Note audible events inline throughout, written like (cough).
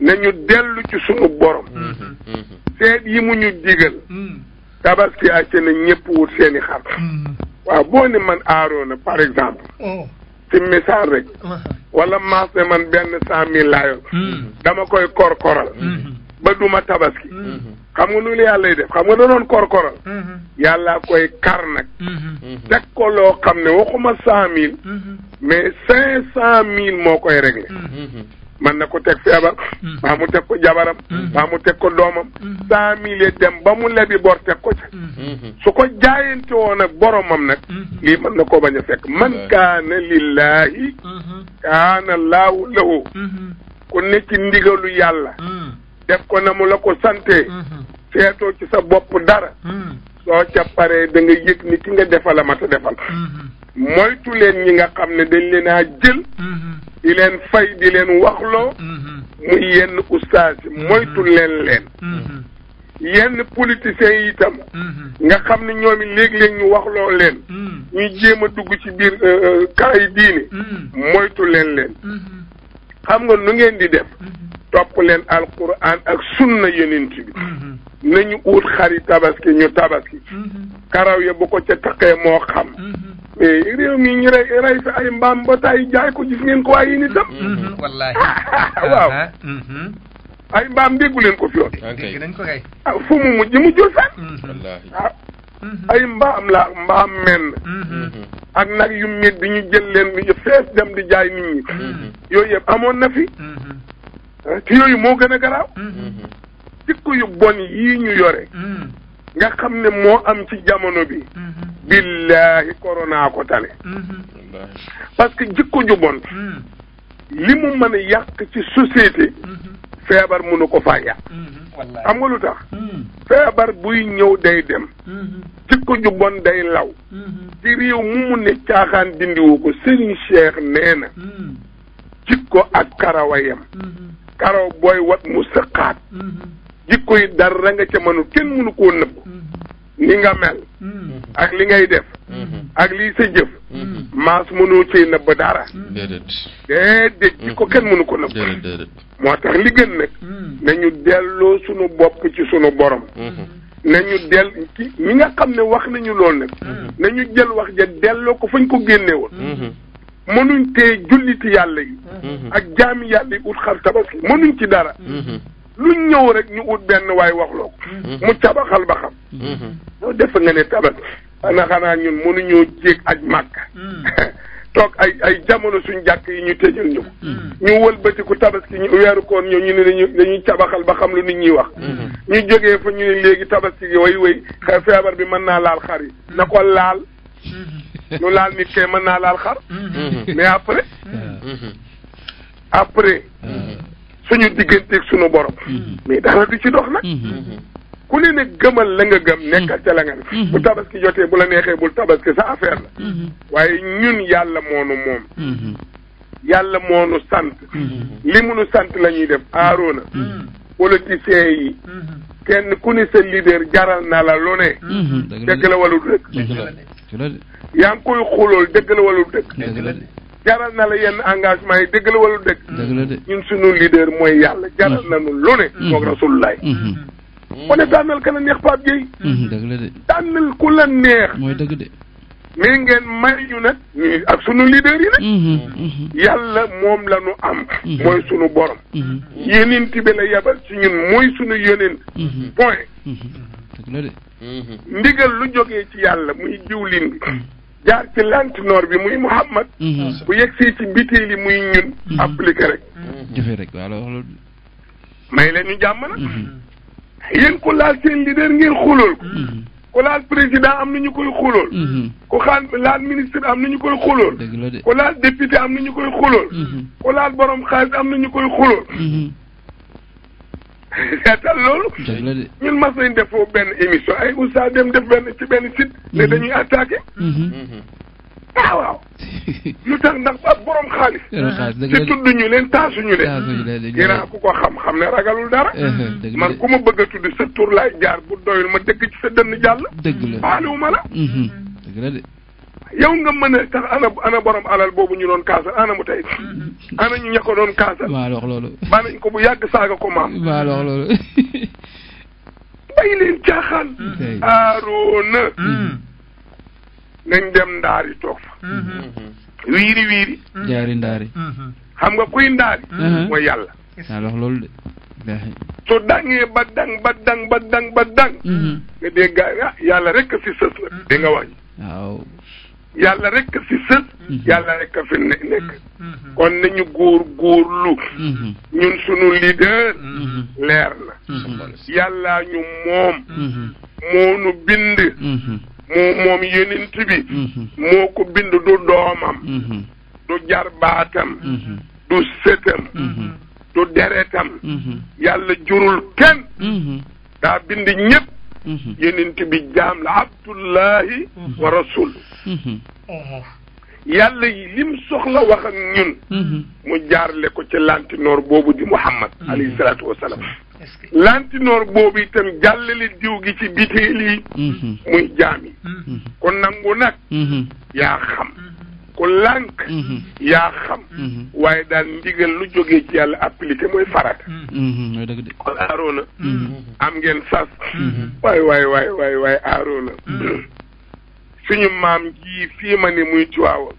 nañu dellu ci sunu borom mm-hmm. Mm-hmm. seet yi mu ñu digal mm-hmm. tabaski àcc na ñëpp wut seen i waaw boo ne man aaroona par exemple oh. ci misaal rek uh-huh. wala maas ne man benn cent mille laayoon dama koy korkoral ba duma tabaski xam nga lu la yàlla def xam nga da doon korkoral yàlla koy kar nag teg ko loo xam ne waxuma cent mille mais cinq cent mille moo koy réglé man na ko teg feebar maa mm-hmm. mu teg ko jabaram maa mm-hmm. mu teg ko doomam mm-hmm. cent mille dem ba mu lebi bor teg ko ca su ko jaayante woon ak boromam nag lii mën na ko bañ a fekk man kaana lillahi kaana laahu lahu ku ne ndigalu yàlla def ko na mu la ko sante seetoo ci sa bopp dara soo ca paree da nga yëg ni ki nga a mat defal moytu leen ñi nga xam ne dañ leen a jël di leen fay di leen waxloo mm-hmm. muy yenn ustaas mm-hmm. moytu leen leen mm-hmm. yenn politiciens yi nga xam ni ñoom it léeg-léeg ñu waxloo leen ñu jéem a dugg ci biir euh, euh, camp yi diine moytu leen leen xam nga nu ngeen di def topp leen alquran ak sunna yonent bi nañu uut xari tabaski ñu tabaski karaw ya bu ko ca taqee moo xam Eh, réew mi ñu rey rey fi ay mbaam ba jaay ko gis ngeen ko waaye yéen itam. Mm-hmm. Mm-hmm. wallaahi (laughs) waaw. Uh-huh. Mm-hmm. ay mbaam déggu leen ko fi yoon. dégg nañ ko kay. Ah, fu mu mujj mu jur ah. ay mbaam la mbaam menn. ak nag yu met di ñu jël leen fees dem di jaay nit ñi. yooyu yëpp amoon na fi. Eh, te yooyu moo gën a garaaw. jikko yu bon yii ñu yore. nga xam ne moo am ci jamono bi. billahi corona ko tane parce que jikko ju bon hmm. li mu mën yàq ci société hmm. feebar mënu ko faa yàq hmm. xam nga lu tax feebar buy ñëw day dem jikko ju bon day law ci réew mu mu ne caaxaan dindiwu ko Serigne Cheikh nee na jikko ak karawayam karaw booy wat mu sëqaat jikko yi dara nga ca mënu kenn mënu ko nëbb ni nga mel ak li ngay def mm-hmm. ak lii sa jëf mm-hmm. maas mënoo cee nëbb dara mm-hmm. déedéet déedéet ci ko kenn mënu ko nëbb moo tax li gën nag nañu delloo sunu bopp ci suñu borom nañu del ci ñi nga xam ne wax nañu lool nag nañu jël wax ja delloo ko fañ ko génne woon mënuñ tee julliti yàlla yi ak jaami yàlla yi ut xar tabaski mënuñ ci dara lu ñëw rek ñu ut benn waay wax mm-hmm. mu tabaxal ba xam yow mm-hmm. def nga ne tabax ana xanaa ñun mënuñoo jéeg ak màkk mm. (laughs) toog ay ay jamono suñ jàkk yi ñu tëjal ñu ko mm. ñu wëlbati ku tabaski ñu weeru koon ñu ne dañu dañuy cabaxal ba xam lu nit ñi wax mm-hmm. ñu jógee fa ñu ne léegi tabaski gi way way feebar bi mën naa laal xar yi mm. na ko laal ñu laal nit kay mën naa laal xar mais après après suñu digganteeg suñu borom. Mhm. mais dara du ci dox nag. Mhm. ku ne ne gëmal la nga gëm nekkal ca la nga ne mhm. bu tabaski jotee bu la neexee bul tabaski sa affaire la. waaye ñun yàlla moonu moom. yàlla moonu sant. li munu sant la ñuy def aaroona. politiciens yi. kenn ku ne sa leader jaral na la lu ne. dëgg la walu dëgg. yaa ngi koy xulool dëgg la walu dëgg. jaral na la yenn engagement yi dëgg la wala dëgg. dëgg la de ñun suñu leader mooy yàlla jaral mm. nañu lu ne. Mm-hmm. moog Rasulullah. mu mm-hmm. mm-hmm. ne tànnal ka neex Pape Gueye. dëgg la de tànnal ku la neex. mooy dëgg de. mais ngeen may ñu nag ñuy ak suñu leader yi nag. yàlla moom la ñu am. mooy sunu borom. yonent bi la yabal ci ñun mooy suñu yonent. point. dëgg la de. ndigal lu jógee ci yàlla muy jiwlin bi. jaar ci lantinoor bi muy Muhammad mhm. bu yegsee ci yi muy ñun mhm. appliqué rek mhm. jëfe rek waaw loolu may leen ñu jàmm nag yéen ku laal seen leader ngeen xulool ko ku laal président am na ñu koy xulool ko xaan laal ministre am na ñu koy xulool ko laal député am na ñu koy xulool ku laal borom xaalis am na ñu koy xulool (laughs) seetal loolu. ñun mas nañ def foofu benn émission ay oustaz dem def benn ci benn site. ne mhm. dañuy attaqué. taa mhm. ah, waaw (laughs) lu tax ndax ab borom xaalis. ci tudd ñu leen taasuñu leen. Iran ku ko xam-xam ne ragalul dara. Eh, eh, man ku ma bëgg a tudd sa tur laay jaar bu doyul ma dëkk ci sa dënn jàll. dëgg la baaluwuma la. Mhm. dëgg la de. yow nga mën a tax ana borom alal boobu ñu doon kaasa ana mu tey mm-hmm. ana ñu ña ko doon kaasa. waaw lox loolu. baa nañ ko bu yàgg saaga ko maam. waaw lox loolu. (laughs) bàyyi leen caaxaan. Mm-hmm. aaroona. Mm-hmm. nañ dem ndaari toog fa. wiiri wiiri. jaari ndaari. xam nga kuy ndaari. mooy yàlla. waaw dangee ba dang ba dang ba dang ba dang. nga dégg ah yàlla rek a fi sës la. di nga wàññi. waaw. yàlla rek si sës mhm. yàlla rek fi nekk mhm. Mhm. kon nañu góor góorlu ñun sunu leader leer na yàlla ñu moom moo nu bind moo moom yenint bi moo ko bind du doomam du jarbaatam du sëtam du deretam yàlla jurul kenn daa bind ñépp Mm-hmm. yonent bi jaam la abdullahi wa mm-hmm. rasul mm-hmm. yàlla yi lim soxla wax ak ñun mu jaarle ko ci lantinoor boobu di muhammad alayhi salaatu wasalaam lantinoor boobu itam diw gi ci biteel yi muy kon nangu nag yaa xam ku lànk mhm. yaa xam mhm. waaye daal ndigal lu jógee ci yàlla appliqué mooy farata mhm. kon am ngeen sas waay waay waay waay waay aaroona maam ji fii ma ne muy Tiwaawan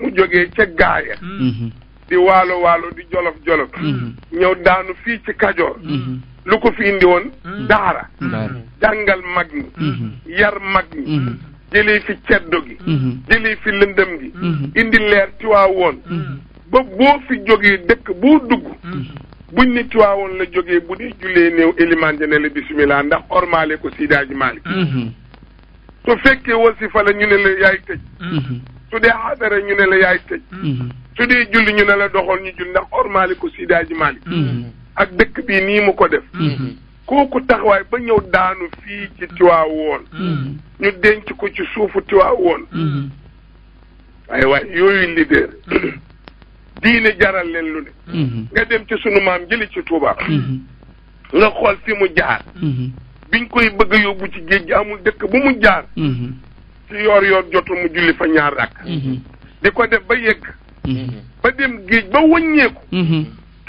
mu jógee ca gaaya di waalo waalo di jolof jolof ñëw daanu fii ci Kajoor lu ko fi indi woon daara jàngal mag yar mag jëlee fi ceddo gi mhm. jëlee fi lëndëm gi mhm. indi leer ci waa woon mhm. ba boo fi jógee dëkk boo dugg buñ ne ci waa woon la jógee bu dee jullee néew élimaan ja ne la bismillah ndax ormaale ko siidaaji maalik su fekkee wasifa la ñu ne la yaay tëj su dee xadara ñu ne la yaay tëj su dee julli ñu ne la doxal ñu jul ndax ormaale ko siidaaji maalik ak dëkk bii nii mu ko def kooku taxawaay ba ñëw daanu fii ci Tiwaawoon hmm. ñu denc ko ci suufu Tiwaawoon waaye hmm. waaye yooyu leader hmm. diine jaral leen lu ne nga dem ci sunu maam jëli ci Tuuba nga xool fi mu jaar biñ koy bëgg yóbbu ci géej gi amul dëkk bu mu jaar ci yoor yoor jotul mu julli fa ñaar rakk di ko def ba yegg ba dem géej ba wëññeeku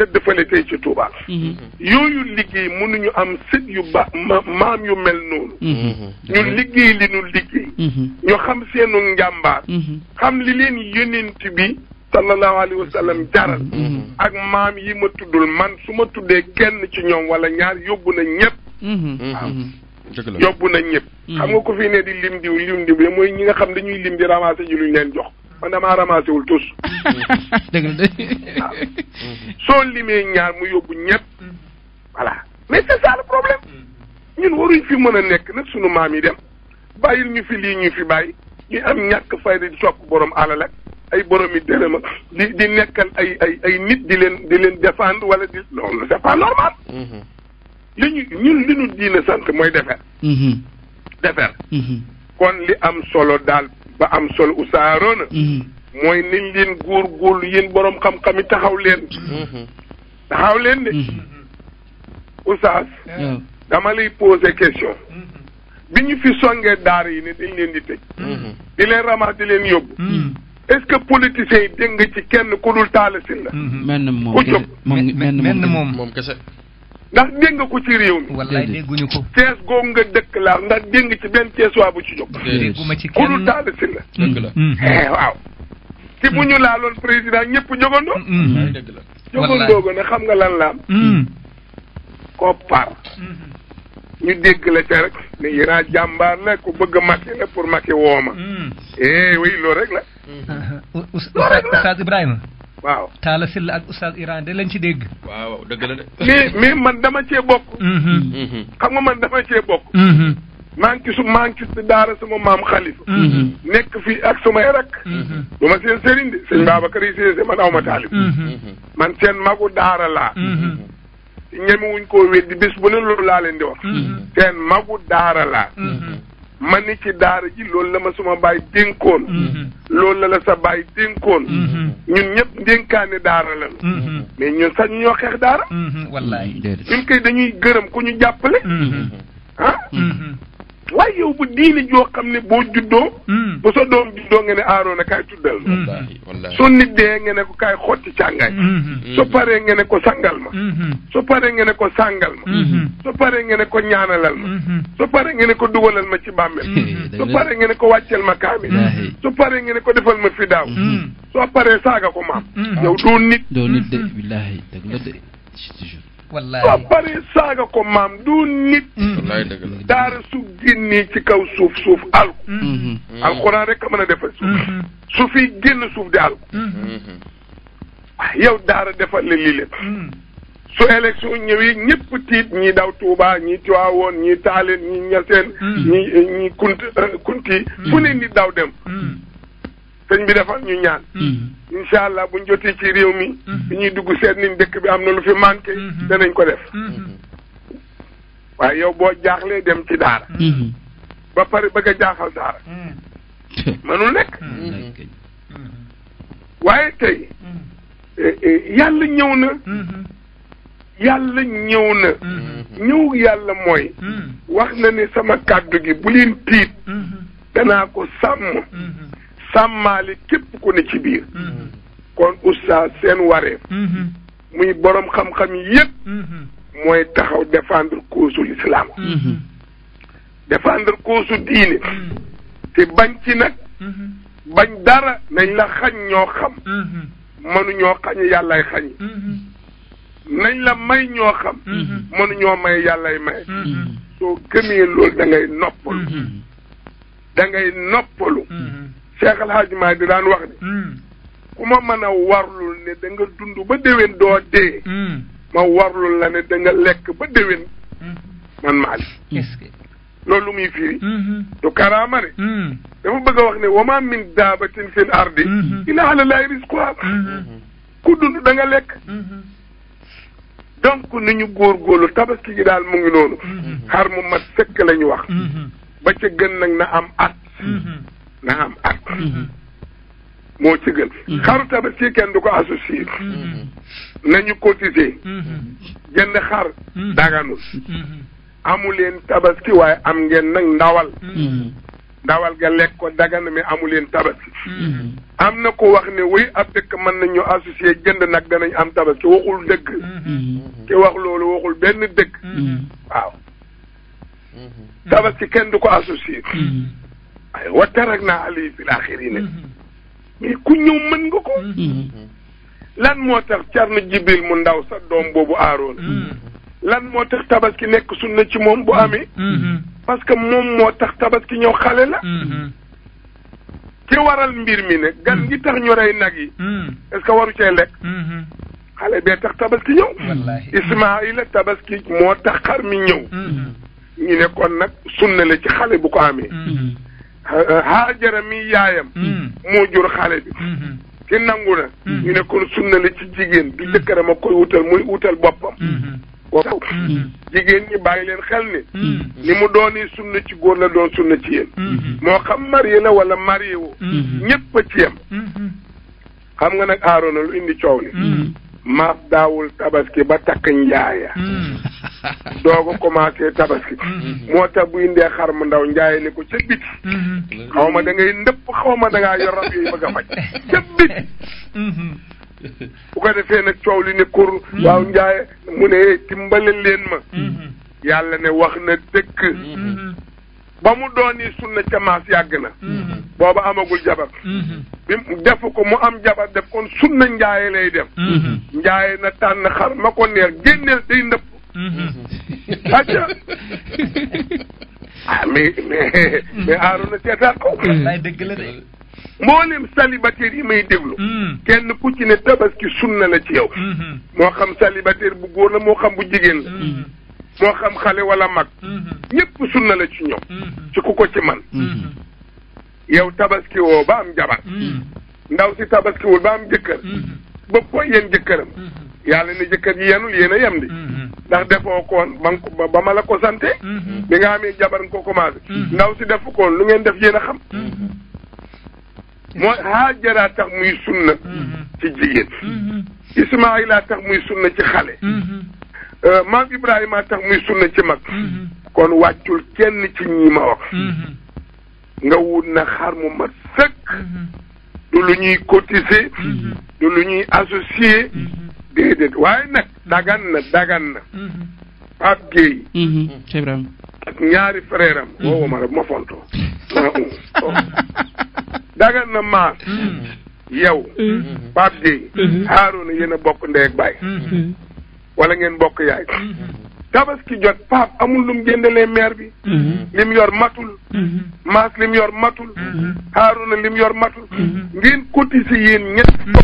te fële tey ci Touba. Mhm. yooyu liggéey mënuñu am sët yu ba maam yu mel noonu. Mhm. ñu liggéey li ñu liggéey. Mhm. ñu xam seenu njàmbaar. xam li leen yonent bi sallallahu alayhi wa sallam jaral. ak maam yi ma tuddul man su ma tuddee kenn ci ñoom wala ñaar yóbbu na ñëpp. waaw yóbbu na ñëpp. xam nga ko fi ne di lim diw lim diw mooy ñi nga xam dañuy lim di ramasser ji luñ leen jox. man damaa ramassé wul tus. (laughs) dëgg la (laughs) soo limee ñaar mu yóbbu ñett. voilà mais c'est ça le problème. ñun waruñ fi mën a nekk nag suñu maam yi dem bàyyil ñu fi lii ñu fi bàyyi ñu am ñàkk fayda di topp borom alal ay borom yi dërëm di di nekkal ay ay nit di leen di leen défendre wala di loolu c'est pas normal. Mm-hmm. li ñu ñun li ñu diine sant mooy defar. Mm-hmm. defar. Mm-hmm. kon li am solo daal ba am sol usaaroona mm-hmm. mooy niñ leen góor góorlu yéen boroom xam-xam yi taxaw leen mm-hmm. taxaw leen de mm-hmm. oustaz dama lay poser question bi ñu fi songee daar yi ne dañ leen di tëj di leen ramax di leen yóbbu est-ce que politiciens yi dégg ci kenn ku dul taalasin la ku jóg menn moom kese ndax dégg nga ko ci réew mi. wallaay dégguñu ko. Cees googu nga dëkk laax ndax dégg ci benn Cees waa bu ci jóg. dégguma ci kenn ku dul taal si la. dëgg la mm-hmm. eh, waaw. ci bu ñu laaloon président ñëpp jogandoo. Mm-hmm. dëgg la jogandoo xam nga lan la am. Mm-hmm. koppar. ñu dégg la ca rek ne Iran jàmbaar la ku bëgg a Macky la pour Macky wooma. eh oui loolu rek la. (laughs) loolu rek la Oustaz waaw Talla Sylla ak oustaz Iran de lañ ci dégg. waaw dëgg la de. mais (laughs) man dama cee bokk. Mm-hmm. Mm-hmm. xam nga man dama cee bokk. Mm-hmm. maa ngi ci su maa ngi sama maam xalifa nekk fii ak samay rak. ma seen sëriñ de sëñ Babacar yi seen man aw ma taalib. man seen magu daara laa. ñeme wuñ koo weddi bés bu ne loolu laa leen di wax. seen magu daara ma ni ci daara ji loolu la ma suma baay dénkoon mhm. loolu la la sa baay dénkoon mhm. ñun ñëpp dénkaane daara la mhm. mais ñun sax ñu ñoo xeex daara wallaay ñun koy dañuy gërëm ku ñu jàppale ah waaye yow bu diine joo xam ne boo juddoo. Hmm. bu sa doom juddoo nga ne aaroon na kaay tuddal ma. Hmm. wallaahi nit dee nga ne ko kaay xotti càngaay. Hmm. soo paree nga ne ko sangal ma. soo paree nga ne ko sangal ma. soo paree nga ne ko ñaanalal ma. soo paree nga ne ko dugalal ma ci bàmmeel. soo paree nga ko wàccel ma kaamil. soo paree nga ko defal ma fi daaw. soo paree saaga ko maam. yow doo nit. wallaay ba pare saaga ko maam du nit. Mm. daara su génnee ci kaw suuf suuf alku. Mm. Mm-hmm. alxuraan rek a mën a defal mm-hmm. su fi génn suuf di mm-hmm. alku. yow daara defal la lii leen. Mm. su élection ñëwee ñëpp tiit ñi daw tuubaa ñi Tiwaawoon ñi Taaleen ñi Ñaseen. ñi Kunti euh, Kunti. fu ne nit daw dem. sëñ bi defal ñu ñaan. Hmm. incha allah buñ jotee ci réew mi. bi hmm. ñuy dugg seet ni dëkk bi am na lu fi manqué. Hmm. danañ ko def. waaye yow boo jaaxlee dem ci daara. ba pare bëgg a jaaxal daara. mënul nekk. waaye tey. Eh, eh, yàlla ñëw na. yàlla ñëw na. ñëw yàlla mooy. wax na ni sama kàddu gi bu leen tiit. danaa ko sàmm. sàmmaali képp ku ne ci biir mm-hmm. kon oustaz seen wareef mm-hmm. muy borom xam-xam yépp mm-hmm. mooy taxaw défendre cause u l'islam défendre cause u diine te bañ ci nag bañ dara nañ la xañ ñoo xam mënuñoo xañ yàllay xañ nañ la may ñoo xam mënuñoo may yàllay may soo gëmee loolu da noppalu da noppalu Cheikh El Hadj Maa di daan wax ne. Hmm. ku ma mën a warlul ne da dund ba déwén doo dee. Hmm. ma warlul la ne da lekk ba déwén. Hmm. man maa li. loolu muy firi. du karaama de. dafa bëgg a wax ne wa maa min daabatin fil ardi. illaa alaa Laahi rizquhaa. ku dund da lekk. donc ni ñu góorgóorlu tabaski gi daal mu ngi noonu. xar mu mat sëkk lañu wax. ba ca gën nag na am at. na am at mm-hmm. moo ci gën mm-hmm. xaru tabaski kenn du ko associé mm-hmm. nañu cotisé jënd xar daganul amuleen tabaski waaye am ngeen nag ndawal ndawal ga lekk ko dagan mais amuleen tabaski am na ko wax ne wuy ab dëkk mën nañu associé jënd nag danañ am tabaski waxul dëgg ki wax loolu waxul benn dëgg waaw tabaski kenn du ko associé wa taraknaa alayhi fil aaxiriin mm-hmm. mais ku ñëw mën nga ko. Mm-hmm. lan moo tax Cerno Jibril mu ndaw sa doom boobu aaroon. Mm-hmm. lan moo tax ki nekk sunna ci moom bu amee. parce que moom moo tax ki ñëw xale la. ci waral mbir mi ne gan gi tax ñu rey nag yi. est-ce waru cee lekk. xale bee tax tabaski ñëw. Ismaayila tabaski moo tax xar mi ñëw. ñu nekkoon kon nag sunna la ci xale bu ko amee. haajara mi yaayam hmm. Hmm. moo jur xale bi hmm, ki nangu na ñu ne kon sunna la ci jigéen du jëkkëram a koy wutal muy wutal boppam waaw jigéen ñi bàyyi leen xel ni ni mu doon dooni sunna ci góor la doon sunna ci yéen moo xam marié la wala marié wu ñépp a ci yem xam nga nag aaroona lu indi coow li maaf daawul tabaski ba takk njaaya doog a commencé tabaski. Mhm. moo tax bu indee xar mu ndaw njaay ni ko ca mhm. xaw ma da ngay xaw ma da ngaa yor rab bëgg a faj ca bit. Mhm. ko defee nag coow li ne kur. waaw njaay mu ne timbale leen ma. yàlla ne wax na dëkk. ba mu dooni sunna ca maas yàgg na. boobu amagul jabar. bi ko mu am jabar def kon sunna njaaye lay def. njaaye na tànn xar ma ko neex génneel day ndëpp. acca mm-hmm. (laughs) ah mais mais mais Arouna mm-hmm. seetaan ko. wallaay mm-hmm. dëgg la de. mboolem yi may déglu. Mm. kenn ku ci ne tabaski sunna la ci yow. moo xam célibataire bu góor la moo xam bu jigéen la. moo xam xale wala mag. ñëpp sunna la ci ñoom. ci ku ko ci man. yow tabaski woo ba am jabar. ndaw si tabaski wul ba am jëkkër. ba poy yéen jëkkëram. yàlla ne jëkkër ji yenul yéen a yem di. ndax defoo koon ba ba ma la ko sante mm-hmm. bi nga amee jabar nga ko commencé mm-hmm. ndaw si defu koon lu ngeen def yéen a xam mm-hmm. mooy haajara tax muy sunna ci jigéen ismaila tax muy sunna ci xale euh, maam ibrahima tax muy sunna ci mag kon wàccul kenn ci ñi ma wax nga wut na xar mu mat sëkk du lu ñuy cotiser du lu ñuy associer déedéet waaye nag dagan na dagan na. Mm-hmm. Pape mm-hmm. Mm-hmm. ak ñaari frère am. ma la bu ma fontoo. (laughs) Oh. dagan na maas. yow. Pape Gueye. Harouna yéen a bokk ndey ak baay. wala ngeen bokk yaay. tabaski jot Pape amul lu mu jëndalee maire bi. lim yor matul. maas lim yor matul. Harouna lim yor matul. ngeen cotiser yéen ñett.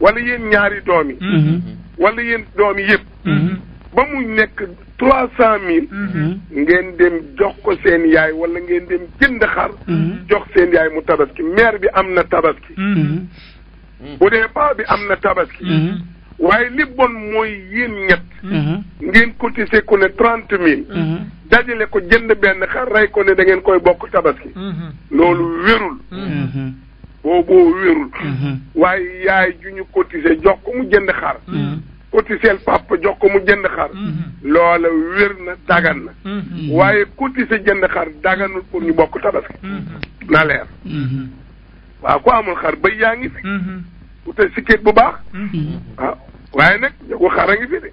wala yéen ñaari doom yi mm-hmm. Mm-hmm. wala yéen doom yi yëpp mm-hmm. ba mu nekk trois cent mille ngeen dem jox ko seen yaay wala ngeen dem jënd xar jox seen yaay mu tabaski maire bi am na tabaski bu dee paa bi am na tabaski waaye li bon mooy yéen ñett ngeen cotiser ku ne trente mille dajale ko jënd benn xar rey ko ne da ngeen koy bokk tabaski loolu wérul boo boo wérul mhm. waaye yaay ju ñu cotisé jox ko mu jënd xar mhm. cotisel papa jox ko mu jënd xar mhm. loola wér na dagan na waaye cotisé jënd xar daganul pour ñu bokk tabaski na leer waaw ku amul xar bay yaa ngi fi uta sikket bu baax waaw ah, waaye nag jago xar a ngi fi de